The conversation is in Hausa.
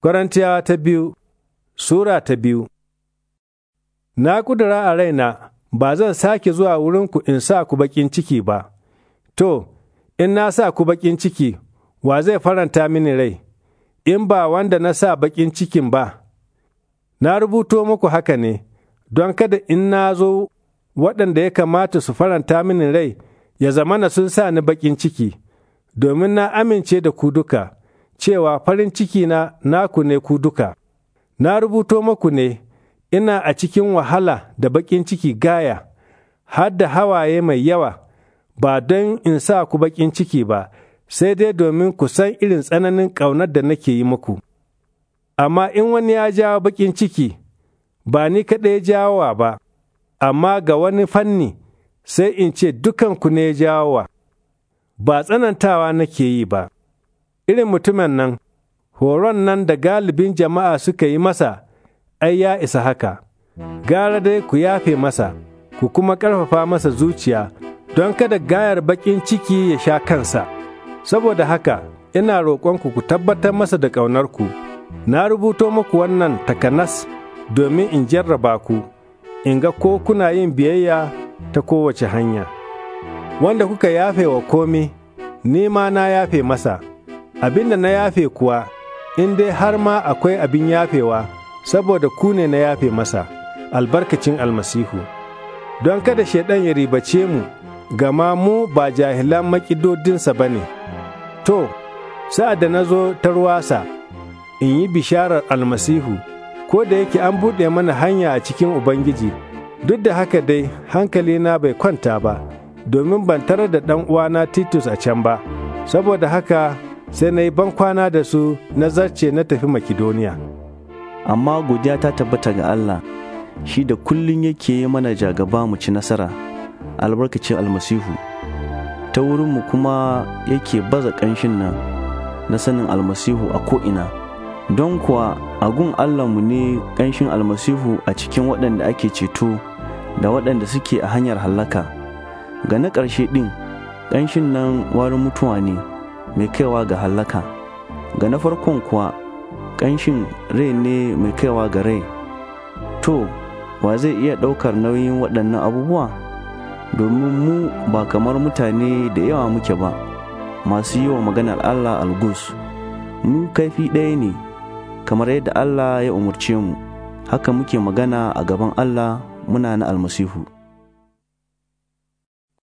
Korintiyawa ta biyu Sura ta biyu Na kudura a raina, ba zan sake zuwa wurinku in sa ku baƙin ciki ba, to, in na sa ku baƙin ciki, wa zai faranta mini rai, in ba wanda na sa baƙin cikin ba. Na rubuto muku haka ne, don kada in na zo waɗanda ya kamata su faranta mini rai, ya zamana sun sa ni baƙin ciki, domin na amince da ku duka. cewa farin ciki na naku ne ku duka. Na rubuto muku ne, ina a cikin wahala da baƙin ciki gaya, har da hawaye mai yawa, ba don in sa ku baƙin ciki ba, sai dai domin ku san irin tsananin ƙaunar da nake yi muku. Amma in wani ya jawo baƙin ciki, ba ni kaɗai jawowa ba, amma ga wani fanni sai in ce dukanku ne jawowa, ba tsanantawa nake yi ba. irin mutumin nan, horon nan da galibin jama'a suka yi masa, ai ya isa haka, gara dai ku yafe masa, ku kuma ƙarfafa masa zuciya, don kada gayar baƙin ciki ya sha kansa. Saboda haka, ina roƙonku ku tabbatar masa da ƙaunarku, na rubuto muku wannan takanas domin in jarraba ku, in ga ko kuna yin biyayya ta kowace hanya. Wanda kuka yafe wa komi, ni ma na yafe masa. abin da na yafe kuwa in dai har ma akwai abin yafewa saboda ku ne na yafe masa albarkacin almasihu don kada shaidan ya ribace mu gama mu ba jahilan makidodinsa ba ne to sa'ad da na zo ta tarwasa in yi bisharar almasihu ko da yake an buɗe mana hanya a cikin ubangiji duk da haka dai hankalina bai kwanta ba domin ban tarar da ɗan uwana titus a can ba saboda haka sai na yi bankwana da su na zarce na tafi Makidoniya. Amma godiya ta tabbata ga Allah, shi da kullum yake yi mana jagaba mu ci nasara, albarkacin almasihu, ta wurinmu kuma yake baza kanshin nan na sanin almasihu a ko'ina. Don kuwa agun Allahnmu ne kanshin almasihu a cikin waɗanda ake ceto da waɗanda suke a hanyar hallaka. Ga na ƙarshe ɗin, ƙanshin nan warin mutuwa ne. mai kaiwa ga hallaka ga na farkon kuwa ƙanshin rai ne mai kaiwa ga rai to wa zai iya ɗaukar nauyin waɗannan abubuwa domin mu ba kamar mutane da yawa muke ba masu yi wa maganar allah algus mu kaifi ɗaya ne kamar yadda allah ya umarce mu haka muke magana a gaban allah muna na almasihu